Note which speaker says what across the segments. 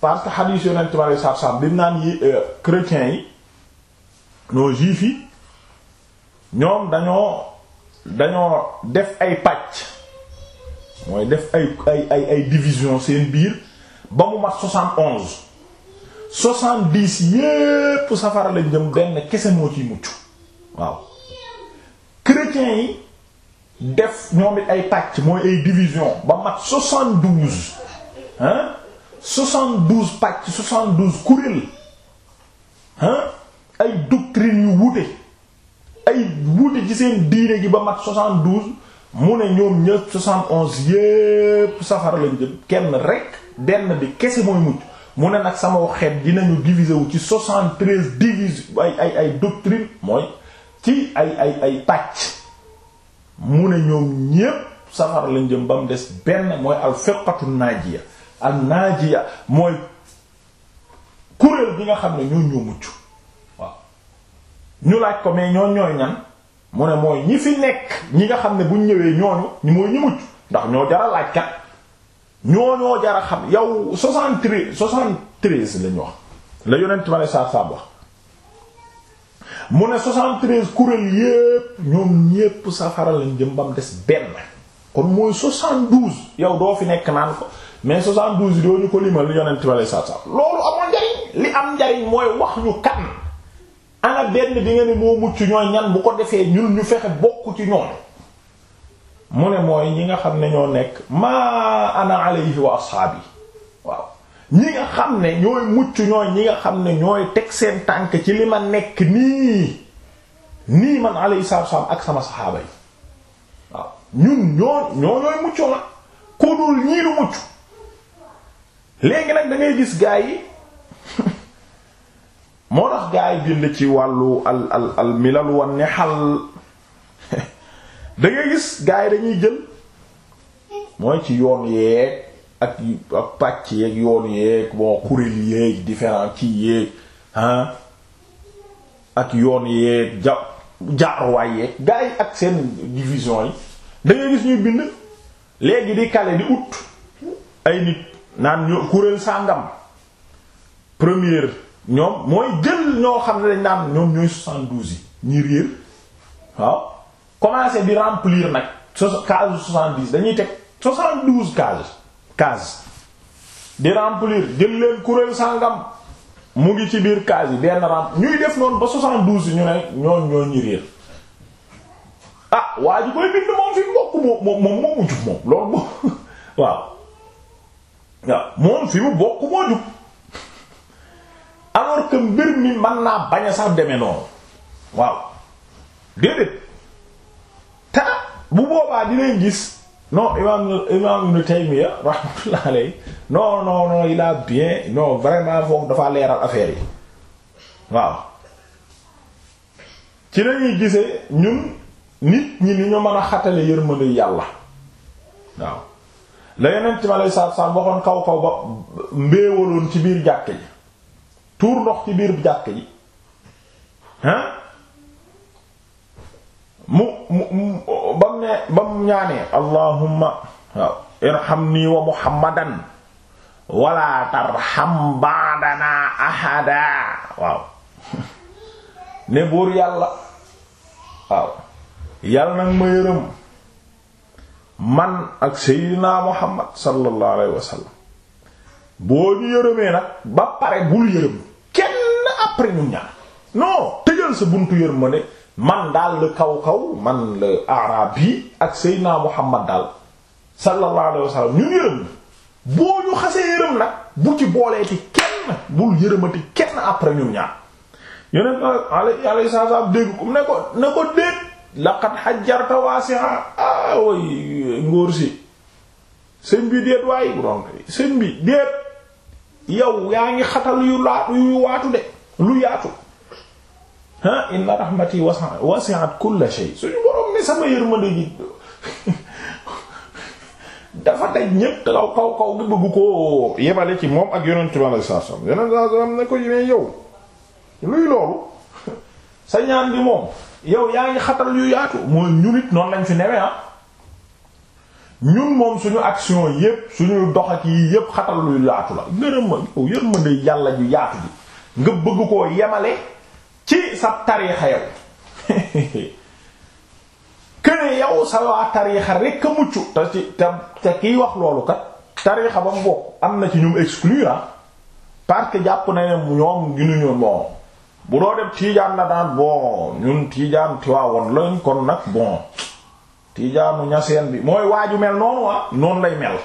Speaker 1: parce que xadiis yonent bi alei satu salaam bi mu naan yi euh, chrétiens yi ñoo juifs yi ñoom dañoo dañoo def ay pàcc mooy def ay ay ay ay division seen biir ba mu mat soixante onze soixante dix yépp safara lañ jëm benn kese moo ciy mucc waaw chrétiens yi def ñoom it ay pàcc mooy ay division ba mat soixante douze hein soixante-douze pàcc soixante-douze kuréel ah ay doctrines yu wute ay wute ci seen diine gi ba mat soixante-douze mu ne ñoom ñëpp soixante-onze yépp safara lañ jëm kenn rek benn bi kese mooy mujj mu ne nag sama xeet dinañu diviser wu ci soixante-treize divise ay ay ay doctrine mooy ci ay ay ay pàcc mu ne ñoom ñépp safara lañ jëm ba mu des benn mooy al firqatu naajiya ak naaj naajiya mooy kuréel bi nga xam ne ñoo ñoo mucc waaw ñu laaj ko mais ñoo ñooy ñan mu ne mooy ñi fi nekk ñi nga xam ne buñ ñëwee ñooñu ñu mooy ñi mucc ndax ñoo jara laaj kat ñoo ñoo jara xam yow soixante-treize soixante-treize lañ wax la yonent ma ne saab saab wax mu ne 73 kuréel yépp ñoom ñépp safara lañ jëm bam des benn kon mooy 72 yow doo fi nekk naan ko mais 72 doo ñu ko limal yonent bi alei satu salam loolu amul njariñ li am njariñ mooy wax ñu kan ana benn bi nga ne moo mucc ñooy ñan bu ko defee ñun ñu fexe bokk ci ñoom ne mooy ñi nga xam ne ñoo nekk ma ana alayhi wa ashaabi waaw ñi nga xam ne ñooy mucc ñooy ñi nga xam ne ñooy teg seen tànk ci li ma nekk nii nii man alayhi salaatu salaam ak sama saxaaba yi waaw ñun ñoo ñoo ñooy mucc la ku ñii lu mucc léegi nag dangay gis gaay yi moo tax gaa bind ci wàllu al al al milal wan ne xal da gis gaa dañuy jël mooy ci yoon yeeg ak ak pàcc yeeg yoon yeeg bon kuréel yeeg différent kii yeeg ah ak yoon yeeg ja jaaruwaay yeeg gaa ak seen division yi da gis ñuy bind léegi di kale di ut ay nit. naan ñoo kuréel sàngam première ñoom mooy jël ñoo xam ne dañ naan ñoom ñooy 72 yi ñi réer waaw commencé di remplir nag case 70 dañuy teg 72 cases cases di remplir jël leen kuréel sàngam mu ngi ci biir case yi benn ramp ñuy def noonu ba 72 yi ñu ne ñoon ñoo ñi réer ah waa koy bind moom fi mbokk moom moom moom mujj moom loolu moom waaw waaw moom fi mu bokk moo jub alors que mbir mi man naa bañ a sax demee noonu waaw déedéet ta bu boobaa dinañ gis non imam imam Ibn Taymiyya rahmatullah alayhi non non non vraiment foofu dafa leeral affaire yi waaw ci lañuy gisee ñun nit ñi ni ñu mën a xatale yërmande yàlla waaw la yeneen ci ma lay saab saab kaw kaw ba mbéewaloon ci biir jàkk ji tuur ndox ci biir jàkk ji hein mu mu ba mu ne ba mu ñaanee allahumma waaw irhamni wa muhammadan wala tarham ba'dana ahada waaw ne buur yàlla waaw yàlla nag ma yërëm man ak seydinaa muhammad sallallahu alayhi wa sallam boo ñu yërëmee nag ba pare bul yërëm kenn après ñu ñaar non tëjal sa buntu yërmande man daal la kaw kaw man la araab yi ak seydinaa muhammad daal sallallahu alayhi wa sallam ñun yërëm boo ñu xasee yërëm nag bu ci booleeti kenn bul yërëmati kenn après ñu ñaar yonent alayhi salaam dégg ko ne ko ne ko déet laqad hajjarta waawoy ngóor si sëñ bi déet waaye borom sëñ bi déet yow yaa ngi xatal yu laatu yu waatu de lu yaatu ha inna rahmati wasi'at wasi'at kulla shay suñu borom ne sama yërmande ji dafa daj bëgg koo yebale ci moom ak yonent bi sallallahu alayhi wasallam yonent sallallahu alayhi wasallam ne ko luy loolu sa ñaan bi moom yow yaa ngi xatal yu yaatu mooy ñu nit noonu lañ fi newee ah ñun moom suñu action yépp suñu dox ak yi yépp xatal luy laatu la ngërëm ma yow yërmande yàlla ju yaatu ji nga bëgg koo yemale ci sa tariixa yow këne yow sa waa tariixa rekk a mucc te ci te te kiy wax loolu ka tariixa ba mu bokk am na ci ñum exclure ah. parce que jàpp na ne ñoom ginuñu moom bu doo dem tiijaan la daan bon ñun tiijaan Tiwaawan lañ kon nag bon tijaanu ñaseen bi mooy waaju mel noonu waa ah, noonu lay mel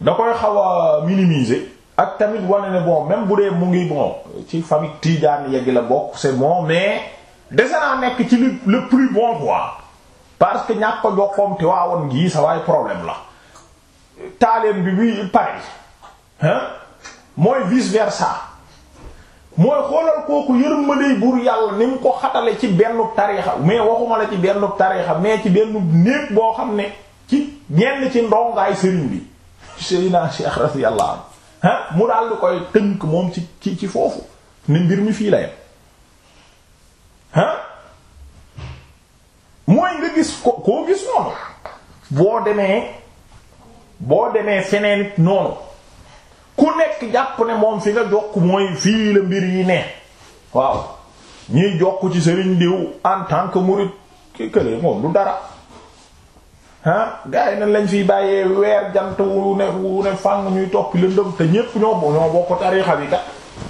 Speaker 1: da koy xaw a minimiser ak tamit wane ne bon même bu dee mu ngi bon ci famille tijaan yegg la bokk c'est bon mais dese naa nekk ci le plus bon quoi parce que ñàkk ko jokkoom te waawoon gii sa waay problème la taaleem bi bi pare hein mooy vice versa mooy xoolal kooku yërmandey buur yàlla ni mu ko xatale ci benn tariixa mais waxuma la ci benn tariixa mais ci benn néeg boo xam ne ci ñenn ci ndongaay sëriñ bi Seydina Cheikh radiyallahu anhu ah, mu daal di koy tënk moom ci ci ci foofu ne mbir mi fii la yem ah mooy nga gis ko koo gis noonu boo demee boo demee feneen noonu ku nekk jàpp ne moom fi nga jokk mooy fii la mbir yi ne waaw ñiy jokk ci sëriñ diw en tant que murid moom du dara ah gars na lañ fiy bàyyee weer jant wu ne wu ne fàng ñuy topp lëndëm te ñépp ñoo ñoo bokk tariixa bi kat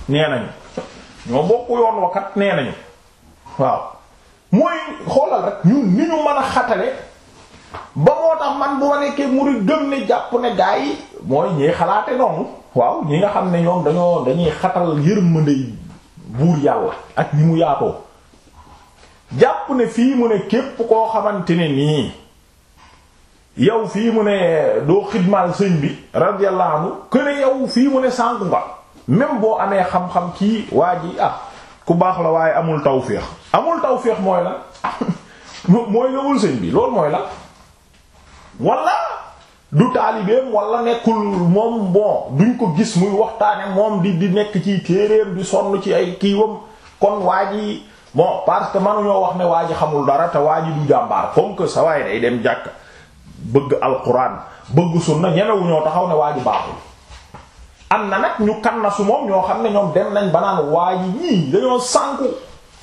Speaker 1: nee nañu ñoo bokk yoon wa nee nañu waaw mooy xoolal rek ñun ni ñu mën a xatale ba moo tax man bu ma nekkee murid gëm ne jàpp ne gars yi mooy ñee xalaate noonu waaw ñi nga xam ne ñoom dañoo dañuy xatal yërmandey buur yàlla ak ni mu yaatoo jàpp ne fii mu ne képp koo xamante ne nii yow fii mu ne doo xidmaal sëñ bi radiyallahu anhu que ne yow fii mu ne sànku nga même boo amee xam-xam kii waa ji ah ku baax la waaye amul tawféex amul tawféex mooy la mooy newul sëñ bi loolu mooy la wala du taalibeem wala nekkul moom bon duñ ko gis muy waxtaane moom di di nekk ci téereem di sonn ci ay kiiwam kon waa ji moo parce que mënuñoo wax ne waa ji xamul dara te waa ji du jàmbaar comme que sa waay day dem jàkk bëgg alquran bëgg sunna ñoo taxaw ne waa ji baaxul. am na nag ñu kan na su moom ñoo xam ne ñoom dem nañ banaan naan waa ji ñii dañoo sànku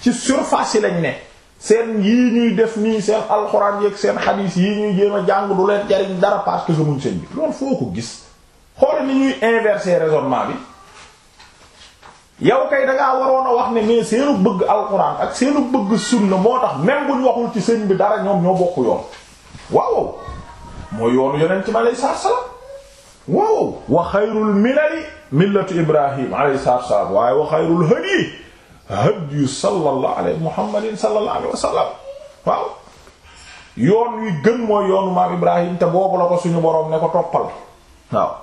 Speaker 1: ci surface yi lañ ne. seen yii ñuy def nii seen alxuraan yeeg seen xadiis yii ñuy jéem a jàng du leen jariñ dara parce que seen bi loolu foo ko gis xool ni ñuy inverser raisonnement bi yow kay dangaa waroon a wax ne mais seenu bëgg alxuraan ak seenu bëgg sunna moo tax même buñ waxul ci seen bi dara ñoom ñoo bokk yoon waaw mooy yoonu yonent mi alayhi salaatu salaam waaw wa xayrul milali millatu ibrahim alayhi salaatu salaam waaye wa xayrul hadi hadyu sallallahu alayhi muhammadin sallallahu alayhi wa sallam waaw yoon wi gën mooy yoonu maam ibrahim te boobu la ko suñu boroom ne ko toppal waaw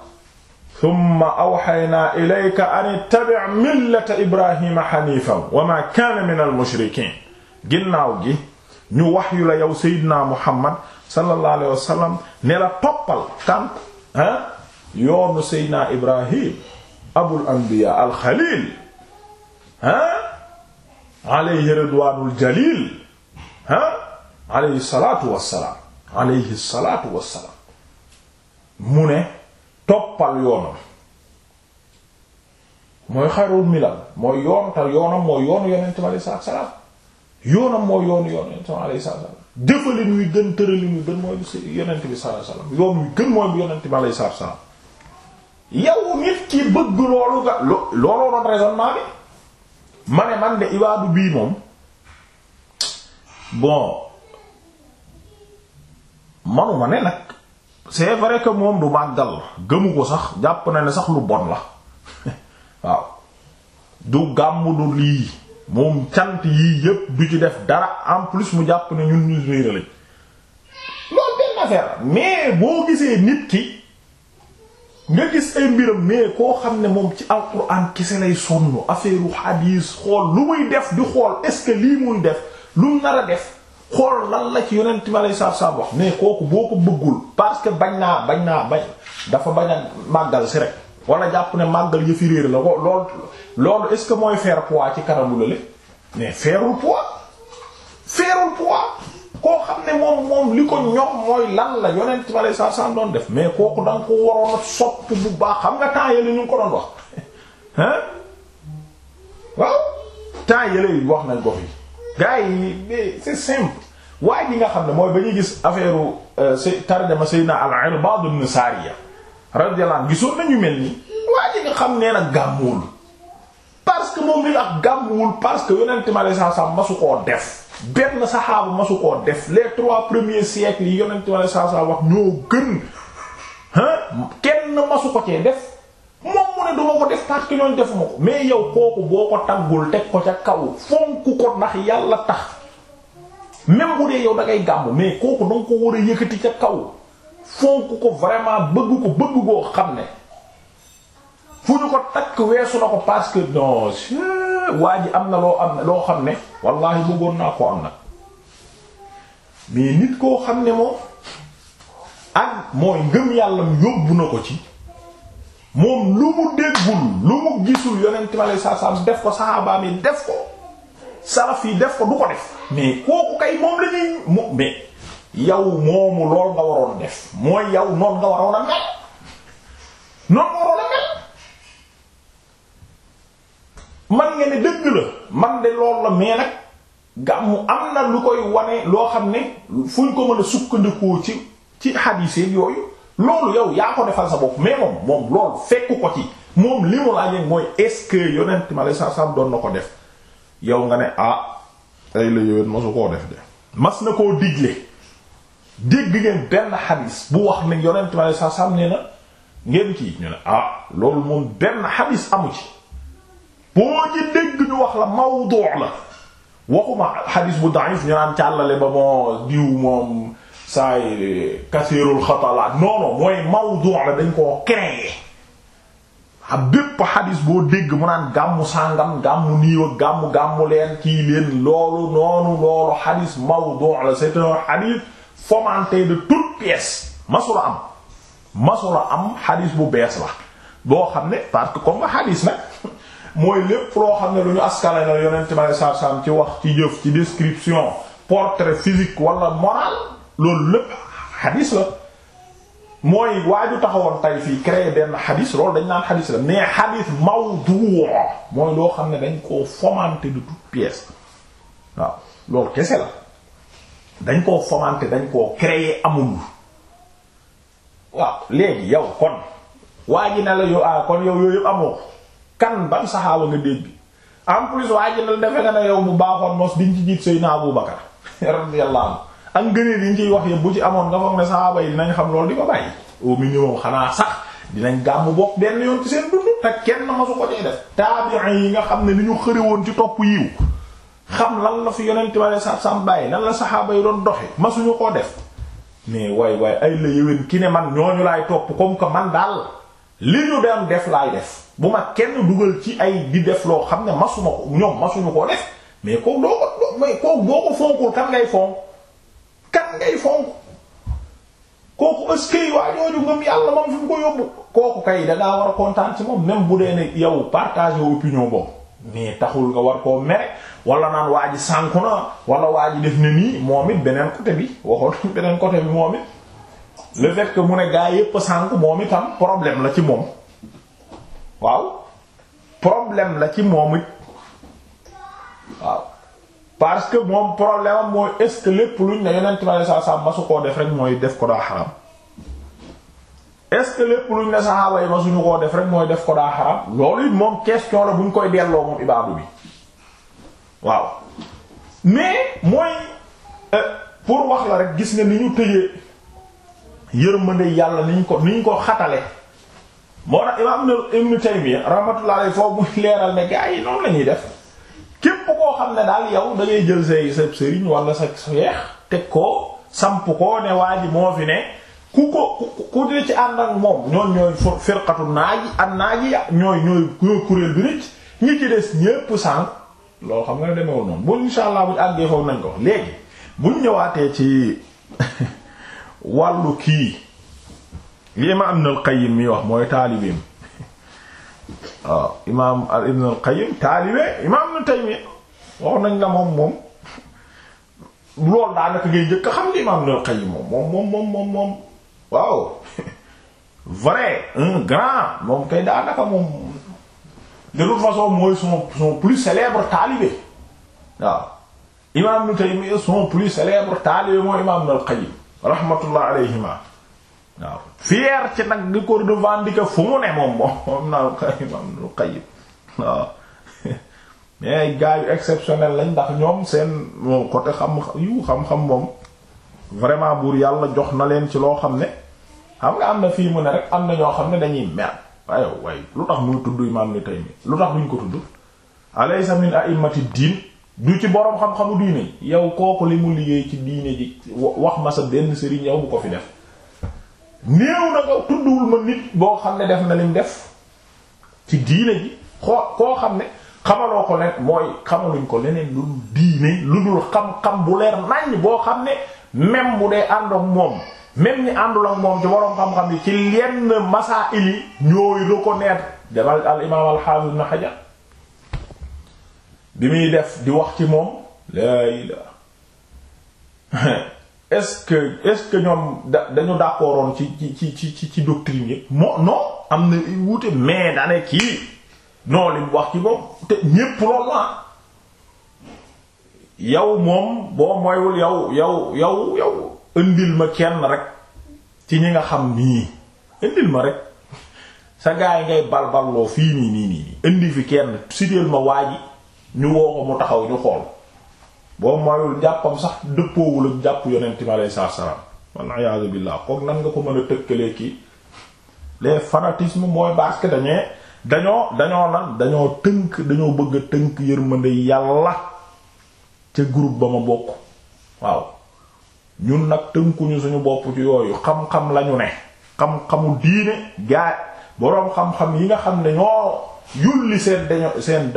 Speaker 1: thumma awxaynaa ilayka an ittabi' millata ibrahima xanifan wa ma kaana min al mushrikiin ginnaaw gi ñu wax yu la yow seydina muhammad sallallahu alayhi wa sallam ne la toppal kan ah yoonu seydina ibrahim abul anbiya al xaliil ah alayhi ridwaanul jalil ah alayhi salaatu wassalaam alayhi salaatu wassalaam mu ne toppal yoonam mooy xayrul milal mooy yoon yoonam mooy yoonam mooy yoonu yoonu yonent gën tëralin wi gën mooy yonent bi salaatu wassalaam yoon wi gën mooy alayhi salaatu wassalaam nit ki bëgg loolu nga looloo doon raisonnement bi mane man de ibaadu bii moom bon manuma ne nag c'est vrai que moom du màggal gëmu ko sax jàpp na ne sax lu bon la waaw du gàmm du lii moom cant yii yépp du ci def dara en plus mu jàpp na ñun ñu réeralañ loolu benn affaire mais boo gisee nit ki nga gis ay mbiram mais koo xam ne moom ci alquran kese lay sonn affaire hadis xool lu muy def di xool est ce que lii muy def lu mu nar a def xool lan la ci yonent ma lay saabsaab wax mais kooku boo ko bëggul parce que bañ naa bañ naa bañ dafa bañ màggal si rek. wala jàpp ne màggal yëfi réer la ko loolu loolu est ce que mooy faire poids ci kanamu la mais fairul poids fairul poids. koo xam ne moom moom li ko ñox mooy lan la yonent ma lay sa san doon def mais kooku da nga ko waroon a sopp bu baax xam nga temps yële ñu ko doon wax hein waaw temps yële yi wax nañ ko fi gars yi c'est simple waaye ji nga xam ne mooy ba ñuy gis affaire u euh, tarjama sayyidina al-Irbad ibn Sariya radiyallahu anhu gisoon nañu mel nii waa ji nga xam nee na gàmmuwul que moom li ak gàmmuwul parce que yonent mi alayhi salaam masu koo def benn saxaaba masu koo def les trois premier siècles yi yonent mi alayhi salaam wax ñoo gën ah kenn masu ko cee def moom mu ne duma ko def parce que ñoon defuma ko mais yow kooku boo ko taggul teg ko ca kaw fonk ko ndax yàlla tax même bu dee yow da ngay gàmm mais kooku danga ko war a yëkkati ca kaw fonk ko vraiment bëgg ko bëgg koo xam ne fu ñu ko takk weesu na ko parce que non waa ji am na loo am loo xam ne wallaahi bëggoon naa ko am nag mais nit koo xam ne moom ak mooy ngëm yàlla yóbbu na ko ci moom lu mu déggul lu mu gisul yonent mi alayhi salaam def ko saxaabaam yi def ko salaf yi def ko du ko def mais kooku kay moom la ñuy mu mais yow moomu lool nga waroon def mooy yow noonu nga waroon a mel noonu waroon a mel man nga ne dëgg la man de loolu la mais nag gàmmu am na lu koy wane loo xam ne fu ñu ko mën a sukkandikoo ci ci xadiis yooyu loolu yow yaa ko defal sa bopp mais moom moom loolu fekku ko ci moom li mu laajee mooy est-ce que yonent ma lay sarsam doon na ko def yow nga ne ah ay la yooyu masu koo def de mas na koo digle dégg ngeen benn xadis bu wax ne yonent ma lay sarsam nee na ngeen kii ñu ne ah loolu moom benn xadis amu ci boo ji dégg ñu wax la mawdu la waxuma xadiis bu da'if ñu naan càllale ba moo diw moom saay eh, kasirul xatalaat non mooy mawdu la dañ koo créer a bépp xadiis boo dégg mu naan gàmmu sàngam gàmmu niiwa gàmmu gàmmu leen kii leen loolu noonu loolu xadiis mawdu la c'est un xadiis fomenté de toutes pièces masula am masula am xadiis bu bees la boo xam ne parce que comme xadiis nag mooy lépp loo xam ne lu ñu askale la yonent ma saar ci wax ci jëf ci description portrait physique wala moral loolu lépp xadis la mooy waaju taxawoon tay fii créer benn xadis loolu dañ naan xadis la mais xadis mawdu mooy loo xam ne dañ koo fomenter de waaw dañ koo fomenter dañ koo créer amul waaw léegi yow kon waa ji ne la yow ah kon yow yooyu yëpp amoo kan ban saxaaba nga dégg en plus waa ji la defe nga ne yow bu baaxoon mos diñ ci jiit Seydina Abu Bakar radiyallahu anhu ak ngëneel yi ñu ciy wax yëpp bu ci amoon nga foog ne saxaaba yi dinañ xam loolu di ko bàyyi au minimum xanaa sax dinañ gàmm bokk benn yoon ci seen dund te kenn masu ko ci def taabi'in yi nga xam ne li ñu xëre woon ci topp yiw xam lan la fi yonente ma ne sam bàyyi lan la saxaaba yi doon doxe masuñu koo def mais waay waay ay la yëwén man ñooñu laay topp comme que daal li ñu def laay def bu ma kenn dugal ci ay di def loo xam ne masuma ko ñoom masuñu koo def mais kooku ko mais kooku boo ko fonkul kan ngay fonk kan ngay fonk kooku ëskey waa jooju ngëm yàlla moom fi ko yóbbu kooku kay dangaa war a kontaan ci moom même bu dee ne yow partage opinion boobu mais taxul nga war koo mere wala naan waa ji sànku na wala waa ji def na nii moom it beneen côté bi waxoon beneen côté bi moom it le fait mu ne gaa yépp sànku moom itam problème la ci moom waaw problème la ci moom it waaw parce que moom problème am mooy est lépp luñ ne yonent bi alayhi salaam masu koo def rek mooy def ko daa xaram est-ce que lépp luñ ne saxaaba yi masuñu koo def rek mooy def ko daa xaram loolu it moom question la buñ koy delloo moom ibaadu bi waaw mais mooy euh, pour wax la rek gis nga ni ñu tëjee yërmande yàlla ni ñu ko ni ñu ko xatale moo tax imaam Ibn Taymiyya rahmatullahi alayhi foofu muy leeral ne ay yi noonu la def képp koo xam ne daal yow da ngay jël say sa sëriñ wala sa seex teg ko samp koo ne waa ji moo fi ne ku ko ku di ci ànd ak moom ñoom ñooy firqatu naaji ak naaji ñooy ñooy ñooy kuréel bi rëcc ñi ci des ñépp sànq loo xam nga ne demeewul noonu bu insha allah buñ àggee foofu nañ ko wax léegi buñ ñëwaatee ci wàllu kii. li imaam Ibn al-Qayyim mi wax mooy taalibeem waaw imaam Ibn al-Qayyim taalibe imaam Ibn Taymiyya wax nañ la moom moom loolu daanaka ngay njëkk a xam ni imaam Ibn al-Qayyim moom moom moom moom moom waaw vrai un grand moom kay daanaka moom de toute façon mooy son son plus célèbre taalibe waaw imaam Ibn Taymiyya son plus célèbre taalibe mooy imaam Ibn al-Qayyim rahmatullah alayhima waaw fier ci nag di de revendiquer fu mu ne moom moom moom naa lu xayib am lu xayib waaw mais gars yu exceptionnel lañ ndax ñoom seen moom côté xam yu xam-xam moom vraiment buur yàlla jox na leen ci loo xam ne xam nga am na fii mu ne rek am na ñoo xam ne dañuy mer waaye waaye lu tax muy tudd imaam ni tey mi lu tax duñ ko tudd alaysa min a'immati diin du ci boroom xam-xamu diine yow kooku li mu liggéey ci diine ji wax ma sa benn sëriñ yow bu ko fi def néew na ko tudduwul ma nit boo xam ne def na liñ def ci diine ji xoo koo xam ne xamaloo ko len mooy xamaluñ ko leneen lu dul diine lu dul xam-xam bu leer naññ boo xam ne même bu dee ànd moom même ñi àndul ak moom ci boroom xam-xam yi ci lenn masaa'il yi ñooy reconnaître demal al imaam al hafiz ibn bi muy def di wax ci moom laa est-ce que est-ce que ñoom da dañu d'accordoon ci ci ci ci ci doctrine yëpp moo non am na wuute mais daanaka kii non li mu wax ci moom te ñépp loolu la yow moom boo moywul yow yow yow yow indil ma kenn rek ci ñi nga xam nii indil ma rek sa gaay ngay balballoo fii nii nii nii indi fi kenn siteel ma waa yi ñu woo ko mu taxaw ñu xool. boo mayul jàppam sax dëppoowul ak jàpp yonent mi aleyhi salaatu salaam wal iyaadu billaah kook nan nga ko mën a tëkkalee kii les fanatisme mooy parce que dañee dañoo dañoo lan dañoo tënk dañoo bëgg tënk yërmande yàlla ca groupe ba ma bokk waaw ñun nag tënkuñu suñu bopp ci yooyu xam-xam lañu ne xam-xamu diine gaay boroom xam-xam yi nga xam ne ñoo yulli seen dañoo seen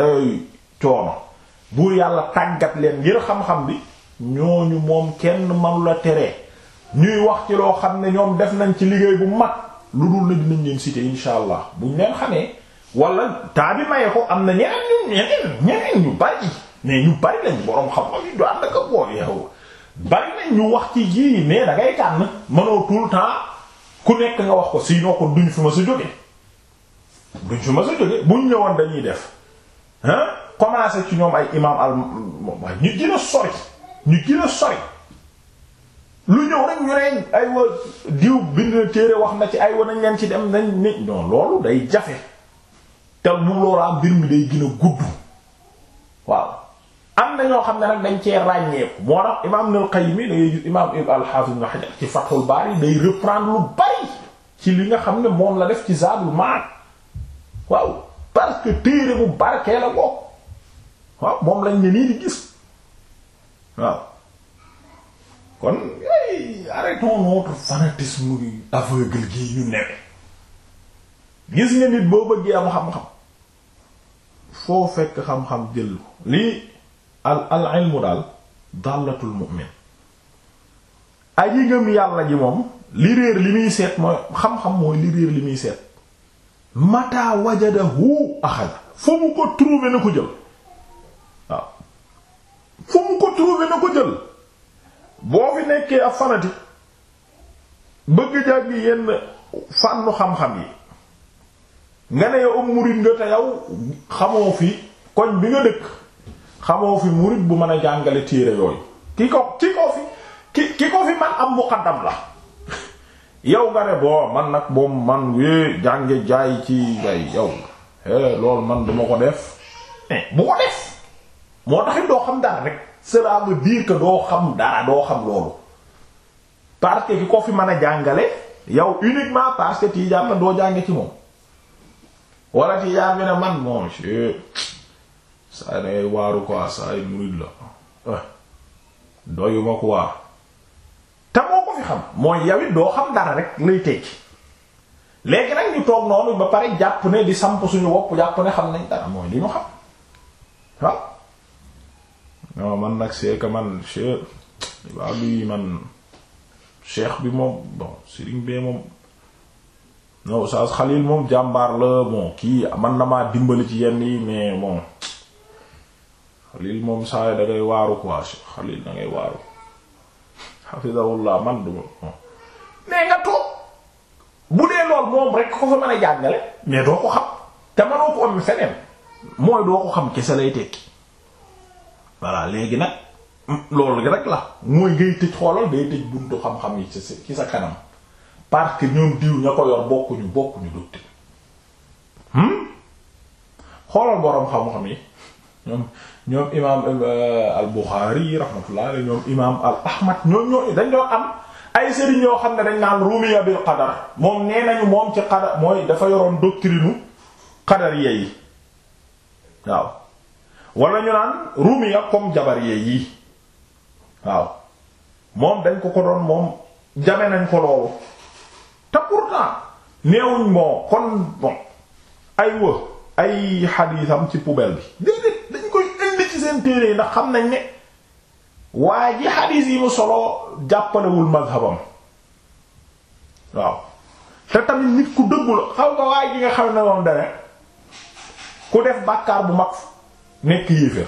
Speaker 1: coono buur yàlla tàggat leen ngir xam-xam bi ñooñu moom kenn manu tere ñuy wax ci loo xam ne ñoom def nañ ci liggéey bu mag lu dul na dinañ leen cité insha allah buñ leen xamee wala taa ko am na ñeneen ñu ñeneen ñu bari ne ñu bari lañ boroom xam-xam yi daan naka boo yow bari nañ ñu wax ci yii mais da tànn mënoo tout le temps ku nekk nga wax ko sinon ko duñ fi ma sa jóge duñ fi ma sa jóge buñ ñëwoon dañuy def ah commencé ci ñoom ay imam a sori ñu gën a lu ñëw rek ñu téere wax na ci ay wa nañ ci dem nañ ni non loolu day jafe te mu loolaa mbir mi waaw am na ñoo xam ne nag dañ cee ràññeeku moo tax imaam Ibnul Qayyim da ngay gis imaam al-Hafiz reprendre lu ci li nga xam ne moom la def ci Zaadul Ma'ad waaw parce que téere bu barkee la bokk waaw moom lañ ne nii di gis waaw kon ay arrêtons notre aveugle gi ñu newe gis nga nit boo bëggee am xam-xam foo fekk xam-xam jël lii al al ilmu daal dàllatul mu'min aji ngëm yàlla ji moom li réer li muy seet mooy xam-xam mooy li réer li muy seet mata wajadahu axada foo mu ko trouver na ko jël fu mu ko trouvé na ko jël boo fi nekkee ak fanati bëgg jàgg yenn fànnu xam-xam yi nga ne yow am nga te yow xamoo fi koñ bi nga dëkk xamoo fi murid bu mën a jàngale téere yooyu ki ko ki ko fi ki ki ko fi man am muqaddam la yow nga ne boo man nag moom man wée jànge jaay ci bay yow eh, loolu man duma ko def eh, bu ko def moo taxit doo xam dara rek cela veut dire que doo xam dara doo xam loolu parce que ko fi mën a jàngale yow uniquement parce que tijaan la doo jànge ci moom wala si saa dangay waaru quoi saa te moo ko fi xam mooy yawit doo xam dara rek lay tekki léegi nag ñu toog noonu ba pare jàpp ne di samp suñu wopp jàpp ne xam nañ dara mooy li ñu xam non man nag seeka man che waa bi man cheikh bi moom bon sëriñ bee moom la bon kii man na maa dimbali ci yenn yi mais bon Khalil moom saa da ngay waaru quoi Khalil da ngay waaru hafizahullah man du ma mais nga toog bu dee lool moom rek ko fa mën a jàngale mais doo ko xam te mënoo ko am mooy doo ko xam kese lay tekki voilà léegi nag loolu rek la mooy ngay tëj xoolal day tëj buntu xam-xam yi ci sa kanam parce que ñoom diw ña ko yor bokkuñu bokkuñu doctrine hmm? xoolal boroom xam-xam yi ñoom ñoom imaam euh, al Bukhari rahmatullah alayhi ñoom imaam al Ahmad ñoom ñoo dañ ñoo am ay sëriñ yoo xam ne dañ naan rumiya bil qadar moom nee nañu moom ci qadar mooy dafa yoroon doctrine u qadar yi waaw wala ñu naan rumiya comme jabariyee yii waaw moom dañ ko ko doon moom jame nañ ko loolu te pourtant neewuñ moo kon bon ay wë ay xadiisam ci poubelle bi déedéet dañ koy indi ci seen téere yi ndax xam nañ ni waa ji xadiis yi mu solo jàppalewul mazhabam waaw te tamit nit ku dëggu la xaw nga waa ji nga xam ne moom dane ku def bàkkaar bu mag nekk yéeféer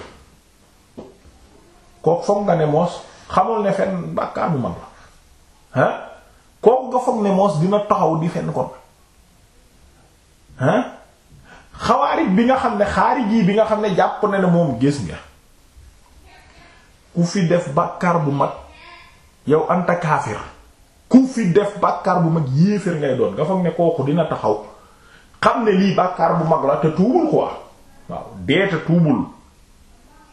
Speaker 1: kooku foog nga ne moos xamul ne fenn bàkkaanu mag la ah kooku nga foog ne moos dina taxaw di fenn kon ah xawaarij bi nga xam ne xaarij yi bi nga xam ne jàpp na ne moom gis nga ku fi def bàkkaar bu mag yow anta ku fi def bàkkaar bu mag yéeféer ngay doon nga foog ne kooku dina taxaw xam ne lii bàkkaar bu mag la te tuubul quoi waaw deeta tuubul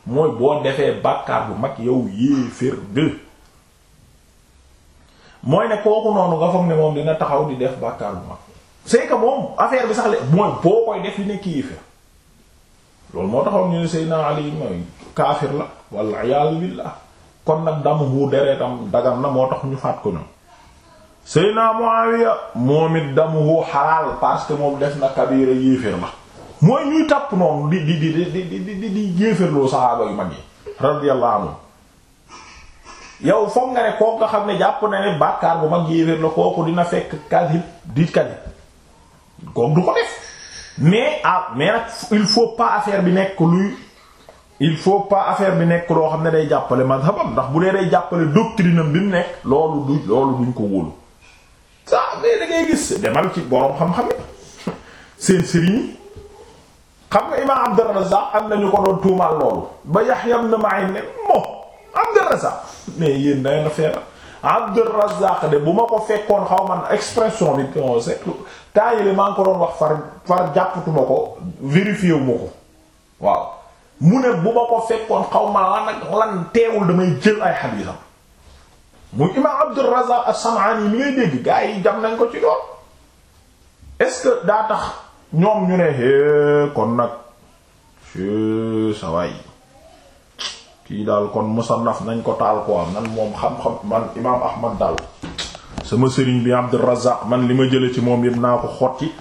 Speaker 1: mooy boo defee bàkkaar bu mag yow yéefér dë mooy ne kooku noonu nga foog ne moom dina taxaw di def bàkkaar bu mag c'est moom affaire bi sax le mooy boo koy def li nekk yéefér loolu moo taxoon ñu ne Seydina Ali mooy kaafir la kon nag damuhu deretam dagan na moo tax ñu faat ko ñoom Seydina Muawiya moom it damuhu xalaal parce moom def na kabira yéefér la mooy ñuy tàpp noonu di di di di di di di jéeférloo saxaaba yu mag yi radiyallahu anhu yow foog nga ne kooku nga xam ne jàpp na ne bàkkaar bu mag yéeféer la kooku dina fekk kadib di kadib kooku du ko def mais ah mais nag il faut pas affaire bi nekk luy il faut pas affaire bi nekk loo xam ne day jàppale mazhabam ndax bu dee day jàppale doctrine am bi mu nekk loolu du loolu duñ ko wóolu saa mais da ngay gis demal ci boroom xam-xam seen sëriñ xam nga imaam Abdurrazzaq am nañu ko doon tuumaal loolu ba Yahya ibn Ma'in ne moo Abdurrazzaq mais bu ma ko fekkoon xaw man expression bi on sait temps yële maa ngi ko doon wax far far jàppatuma ko ko waaw mu bu ma ko fekkoon xaw ma lan ak lan teewul damay jël ay xadiisam muy imaam Abdurrazzaq as-Sam'ani mi ngay dégg gaa yi jam nañ ko ci lool est daa tax. ñoom ñu ne hee eh, kon nag fii eh, sa kii daal kon musannaf nañ ko taal ko am nan moom xam-xam man imaam Ahmad daal sama sëriñ bi Abdur Razzaq man li ma jële ci moom yëpp naa ko xotti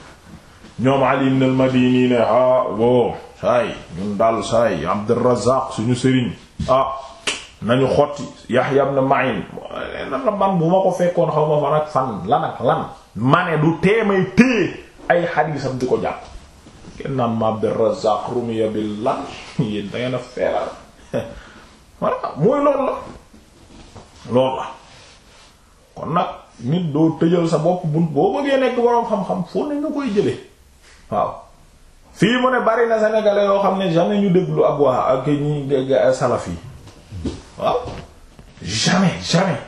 Speaker 1: ñoom Ali ibn al-Madini ne ah wo saay ñun daal saay Abdur Razzaq suñu sëriñ ah nañu xotti Yahya ibn Ma'in nan eh, la man bu ma ko fekkoon xaw fan ak fan lan ak lan ma ne du teemay téye ay xadiisam di ko jàpp kenn naan ma Abdur Razzaq rumiya bil lan yéen da a feeral voilà mooy loolu la loolu la kon nag nit doo tëjal sa bopp bunt boo bëggee nekk boroom xam-xam foo ne ñu koy jëlee waaw fii mu ne bari na sénégalais yoo xam ne jamais ñu déglu ab waa ak ñi salaf yi waaw jamais jamais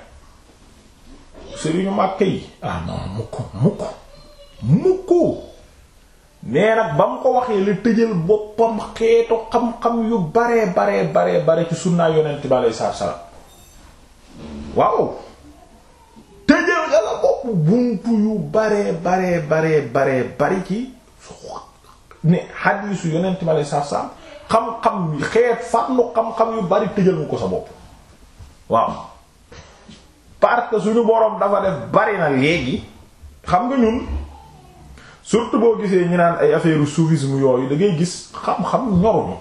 Speaker 1: sëriñu Màkka yi ah non mukk mukk mukk nee nag ba mu ko waxee la tëjal boppam xeetu xam-xam yu baree baree baree bare ci sunnaa yonent bi aleyhi bari ci ne xadiisu yonent bi aleyhi salaatu salaam xam-xam xeet fànnu xam-xam yu bari tëjal nga ko sa bopp waaw parce que suñu boroom dafa def bari na léegi xam nga ñun surtout boo gisee ñu naan ay affaire soufisme yooyu da ngay gis xam-xam ñoruñu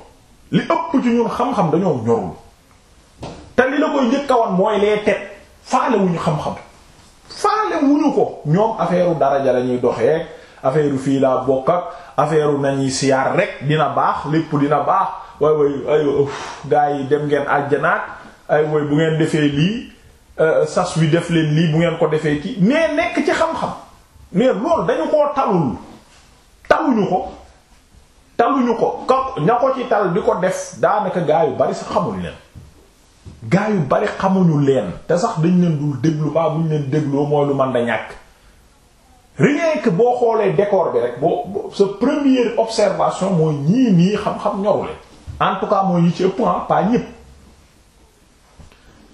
Speaker 1: li ëpp ci ñun xam-xam dañoo ñorul te li la koy njëkk mooy les têtes faale wu ñu xam-xam faale wu ñu ko ñoom affaire daraja la ñuy doxee affaire fii laa bokk ak affaire nañuy siyaar rek dina baax lépp dina baax waay waay ay gaa yi dem ngeen àjjanaat ay waay bu ngeen defee lii euh, sas wi def leen lii bu ngeen ko defee ci mais nekk ci xam-xam. mais loolu dañu koo talul taluñu ko taluñu ko ka ña ko ci tal di ko def daanaka gaa yu bari sax xamuñ leen gaa yu bari xamuñu leen te sax dañ leen dul déglu baa buñ leen dégloo mooy lu man da ñàkk rien boo xoolee décor bi rek boo sa première observation mooy ñii nii xam-xam ñorule en tout cas mooy ñi ci ëpp ah, pas ñëpp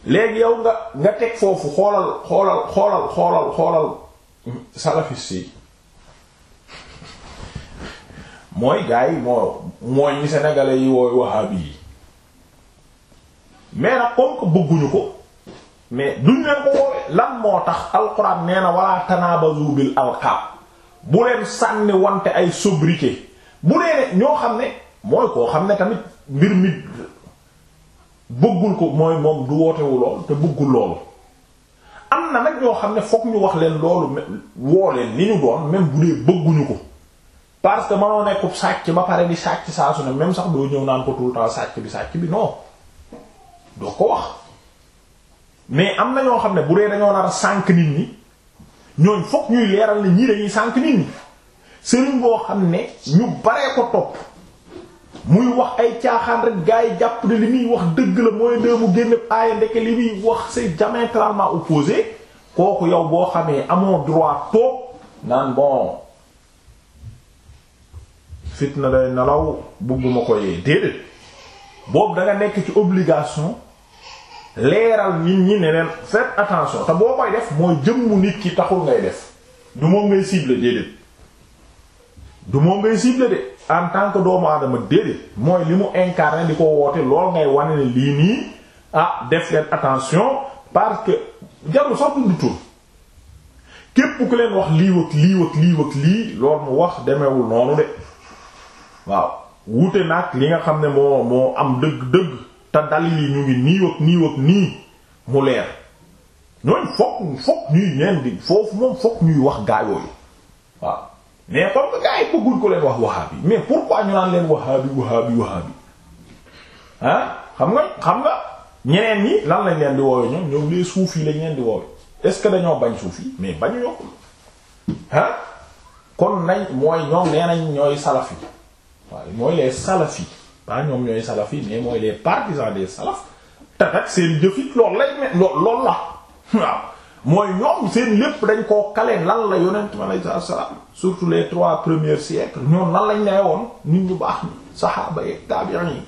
Speaker 1: léegi yow nga nga teg foofu xoolal xoolal xoolal xoolal xoolal salafis yi mooy gars yi moo mooy ñi sénégalais yi wooy wahhabi yi mais nag comme bëgguñu ko mais duñ leen ko woowe lan moo tax alxuraan nee na wala tanabazu bil alqab bu leen sànni wante ay sobriquet bu leen ñoo xam ne mooy koo xam ne tamit mbir mi bëggul ko mooy moom du wootewu lool te bëggul loolu am na nag ñoo xam ne fokk ñu wax leen loolu woo leen li ñu doon même bu dee bëgguñu ko parce que mënoo nekkub sàcc ba pare di sàcc saa su ne même sax doo ñëw naan ko tout le temps sàcc bi sàcc bi non doo ko wax mais am na ñoo xam ne bu dee dañoo nar a sànq nit ñi ñooñ fokk ñuy leeral na ñii dañuy sànq nit ñi sëriñ boo xam ne ñu baree ko topp. muy wax ay caaxaan rek gars yi jàpp ne li muy wax dëgg la mooy dee mu génn aaya ndeke li muy wax c'est diamétralement opposé kooku yow boo xamee amoo droit toog naan bon fitna day nelaw bugguma ko yee déedéet boobu da nekk ci obligation leeral nit ñi ne leen faites attention te boo koy def mooy jëmmu nit ki taxul ngay def du moom ngay ciblé déedéet du moom ngay ciblé de en tant que doomu aadama déedéet mooy li mu incarné di ko woote lool ngay wane ne lii nii ah def leen attention parce que jarul sax du tur képp ku leen wax lii wëkk lii wëkk lii wëkk mu wax demewul noonu de waaw wuute nag li nga xam ne moo moo am dëgg-dëgg te dalil yi ñu ngi nii wëkk nii wëkk nii mu leer ñooñ fokk fokk ñuy neen di foofu moom fokk ñuy wax gaayooyu waaw mais comme que gars yi ko leen wax wahabi mais pourquoi ñu naan leen wahabi wahabi wahabi ah xam nga xam nga ñeneen ñi lan lañ leen di woowe ñoom ñoom les suuf yi lañ leen di woowe est-ce que dañoo bañ suuf yi mais bañu yokkul ah kon nañ mooy ñoom nee ñooy salaf yi waaye mooy les salaf yi pas ñoom ñooy salaf yi mais mooy les partisans des salaf tatak seen lool loolu lay loolu la mooy ñoom seen lépp dañ koo kaleen lan la yonent mi aleyhi salaatu salaam surtout les trois premiers siècles ñoom lan lañ lay woon nit ñu baax ñi saxaaba yi taabi'in yi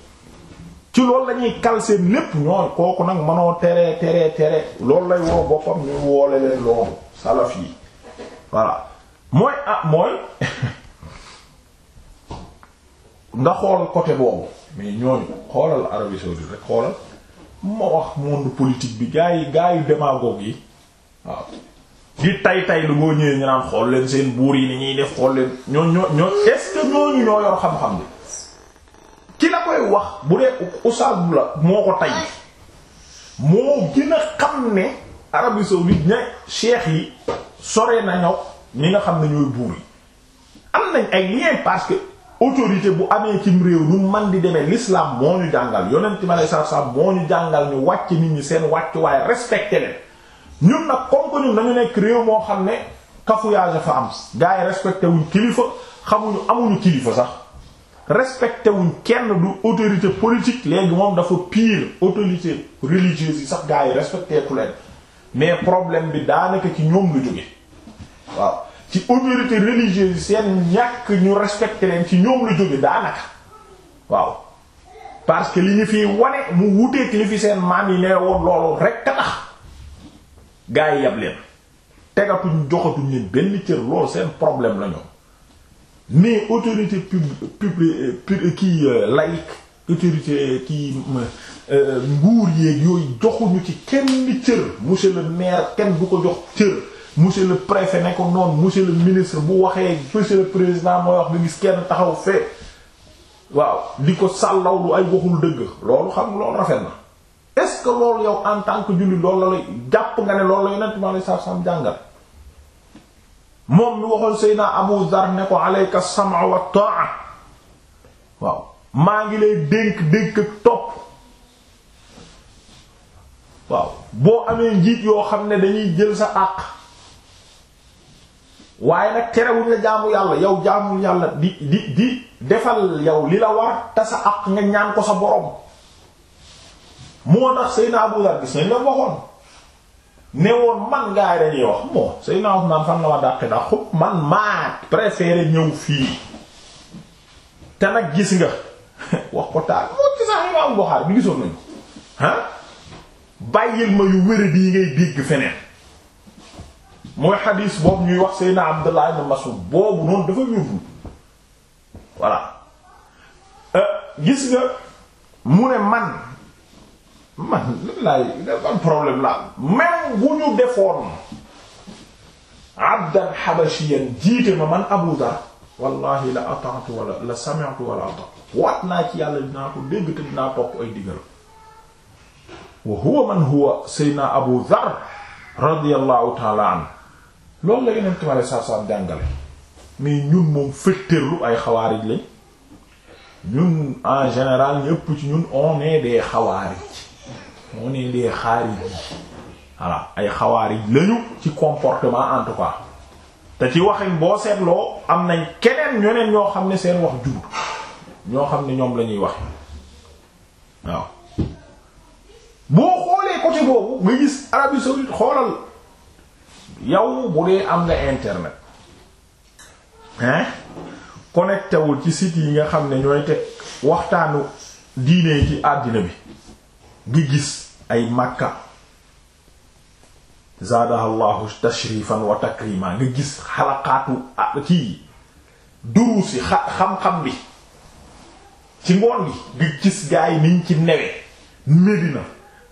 Speaker 1: ci loolu lañuy kal seen lépp ñooy kooku nag mënoo teree teree loolu lay woo boppam woole leen loolu salaf yi voilà mooy ah mooy nga xool côté boobu mais ñooñu xoolal Arabie saoudite rek xoolal moo wax monde politique bi gaa yi gaa yu démagogue yi waaw di tay tay lu boo ñëwee ñu naan xool leen seen buur yi ni ñuy def xool leen ñoo ñoo ñoo est-ce que ñooñu ñoo yor xam-xam bi ki la koy wax bu dee oustaz la moo ko tay moo gën a xam ne Arabie saoudite ña cheikh yi sore nañoo ñi nga xam ne ñooy buur yi am nañ ay lien parce que autorité bu amee cim réew nu man di demee l'islam moo ñu jàngal yonent mi sallallahu alayhi wasallam moo ñu jàngal ñu wàcc nit ñi seen wàcc waaye respecté leen ñun nag comme que ñun dañu nekk réew moo xam ne cafouillage fa am gars yi respecté wuñ kilifa xamuñu amuñu kilifa sax respecté wuñ kenn du autorité politique léegi moom dafa pire autorité religieuse yi sax gars yi respecté ku leen mais problème bi daanaka ci ñoom lu jóge waaw ci autorité religieuse yi seen ñàkk ñu respecté leen ci ñoom lu jóge daanaka waaw parce que li ñu fiy wane mu wuteek li fi seen maam yi nee woon loolu rek a tax gaa yi yab leen tegatuñ joxatuñ leen benn cër loolu seen problème la ñoom mais autorité publique kii euh, laïque autorité kii euh, nguur yéeg yooyu joxuñu ci kenn cër monsieur le maire kenn du ko jox cër monsieur le préfet ne ko noonu monsieur le ministre bu waxee monsieur le président mooy wax nga gis kenn taxaw fee waaw di ko sàllawlu ay waxul dëgg loolu xam loolu rafet na est-ce que loolu yow en tant que jullit loolu la lay jàpp nga ne loolu la yonent mi alei satu salaam moom mi waxoon Seydina Abu Zar ne ko alayka sam'a wa ta'a waaw maa ngi lay dénk dénk ak topp waaw boo amee njiit yoo xam ne dañuy jël sa àq waaye nag terewul nga jaamu yàlla yow jaamul yàlla di di di defal yow li la war te sa àq nga ñaan ko sa borom moo tax Seydina Abu Dar gis nañ waxoon ne woon man gaay dañuy wax bon Seydina Usman fan la ma dàqe ndax xub man maa préféré ñëw fii te nag gis nga wax ko taal moo ci sax Imaam Buxaari bi gisoon nañu ah bàyyil ma yu wéra yi ngay dégg feneen mooy xadiis boobu ñuy wax Seydina Abdullah ibn Mas'ud boobu noonu dafa wérul voilà euh, gis nga mu ne man man laay bu ñu defoon abdan habashiyan jiite ma man Abu Dar wallahi la ata'tu wala la sami'tu wala ata'tu waat naa ci yàlla dinaa ko dégg te ay digal wa huwa man huwa sayyidina Abu Dar radiyallahu ta'ala anhu loolu la yeneen timale saab-saab jàngale mais ñun moom féttërlu ay xawaarij lañ ñun en général ñëpp ci ñun on est des on est des xaarij voilà ay xawaarij lañu ci comportement en tout cas te ci waxin boo seetloo am nañ keneen ñeneen ñoo xam ne seen wax jur ñoo xam ne ñoom lañuy wax waaw boo xoolee côté boobu nga gis Arabie saoudite xoolal yow bu dee am nga internet hein connecté ci site yi nga xam ne ñooy teg waxtaanu diine ci àddina bi nga gis ay Makka zaadaha tashrifan wa takrima nga gis xalaqaatu ah, kii duruusi xam-xam bi ci ngoon gi nga gis gaa yi niñ ci newee Medina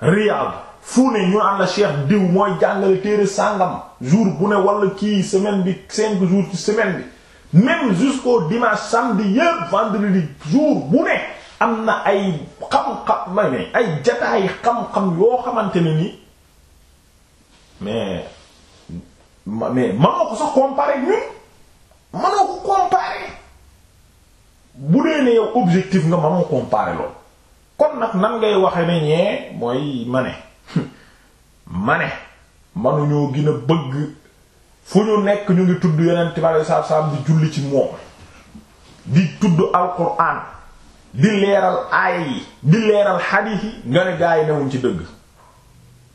Speaker 1: Riyad fu ne ñu naan la cheikh diw mooy jàngale téere sàngam jour bu ne wala kii semaine bi cinq jours ci semaine bi même jusqu'au dimanche samedi yépp vendredi jour bu ne am na ay xam-xam ma ne ay jataay xam-xam yoo xamante ne ni mais mais manoo ko sax comparer bu dee ne objectif nga manoo comparer lool kon nag nan ngay waxe ne mooy mane ne ma ne manuñoo gën a bëgg fu ñu nekk ñu ngi tudd yeneen tibaabee saab saab di julli ci moom di tudd alquran di leeral aaya di leeral xadiis nga ne gaa yi ci dëgg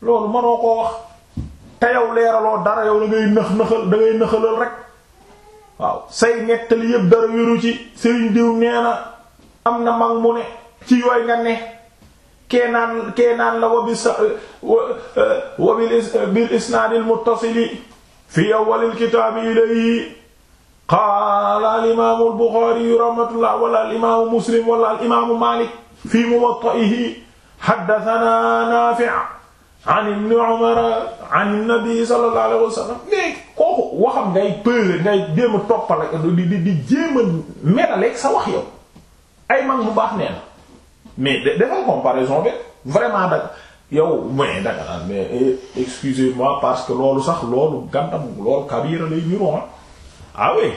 Speaker 1: loolu mënoo koo wax te yow leeraloo dara yow da ngay nëx nëxal da ngay nëxalal rek waaw say nettali yépp dara wéru ci sëriñ diw nee na am na mag mu ne ci yooy nga ne keenaan keenaan la wabi sa wabil bil isnaadil muttasili fi awwalil kitaabi ilayhi qaala al imaamu al Buxaari rahmatullah wala al imaamu Muslim wala al imaamu Maalik fi muwatta'ihi haddathanaa Naafi' an ibn Umar an nabi sallallahu alayhi wa sallam mais kooku waxam ngay peser ngay jéem a toppal di di di jéem a meraleeg sa wax yow ay mag mu baax nee na mais defal comparaison bi vraiment da yow mais da nga naan mais eh, excusez-moi parce que loolu sax loolu gàntam loolu kabiira lay niroo ah. ah oui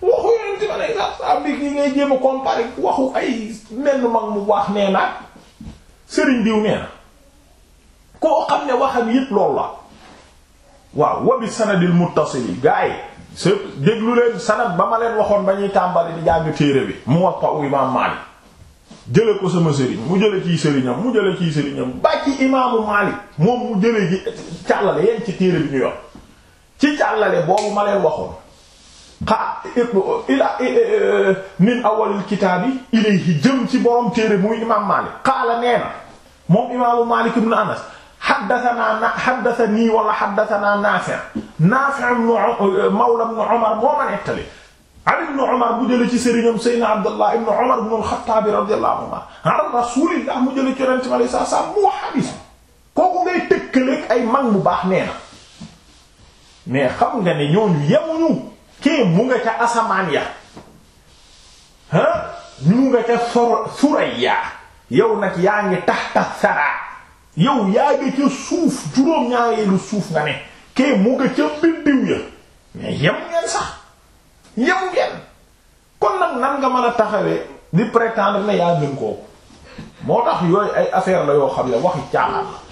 Speaker 1: waxu yonent bi alayhi salaatu salaam bi gi ngay jéem a comparer waxu ay mel mag mu wax nee naag sëriñ diw nee na koo xam ne waxam yépp loolu la waaw wa bi sanadil muttasili gaa yi se déglu leen sanad ba ma leen waxoon ba ñuy tàmbali di jàng téere bi mu wax ko imaam Maalik jële ko sama sëriñ mu jële ciy sëriñam mu jële ciy sëriñam ba ci imaamu Maalik moom mu jële ji càllale yeen ci téere bi ñu yor ci càllale boobu ma leen waxoon xa ila e, e, min awalil kitaabi ilayhi jëm ci borom téere muy imaam Maalik qaala nee na moom imaamu Maalik ibn Anas haddasanaa na haddasanii wala haddasanaa Naafi' Naafi' mawla ibn Umar moo ma nettali an ibn Umar mu jëlee ci sëriñam Seydina Abdallah ibn Umar ibn al-Khattab radiyallahu anhu an Rasulillah mu jëlee ci Yonent bi alayhi salaam mu hadiis kooku ngay tëkkaleeg ay mag mu baax nee na mais xam nga ne ñooñu yemuñu kii mu nga ca asamaan ya ha ñu nga ca suraya yow nag yaa ngi tax tax sara yow yaa ngi ca suuf juróom-ñaareelu suuf nga ne kii mu nga ca biddiw ya mais yem ngeen sax yem ngeen kon nag nan nga mën a taxawee di prétendre ne yaa gën kooku moo tax yooyu ay affaire la yoo xam ne waxi caaxaan la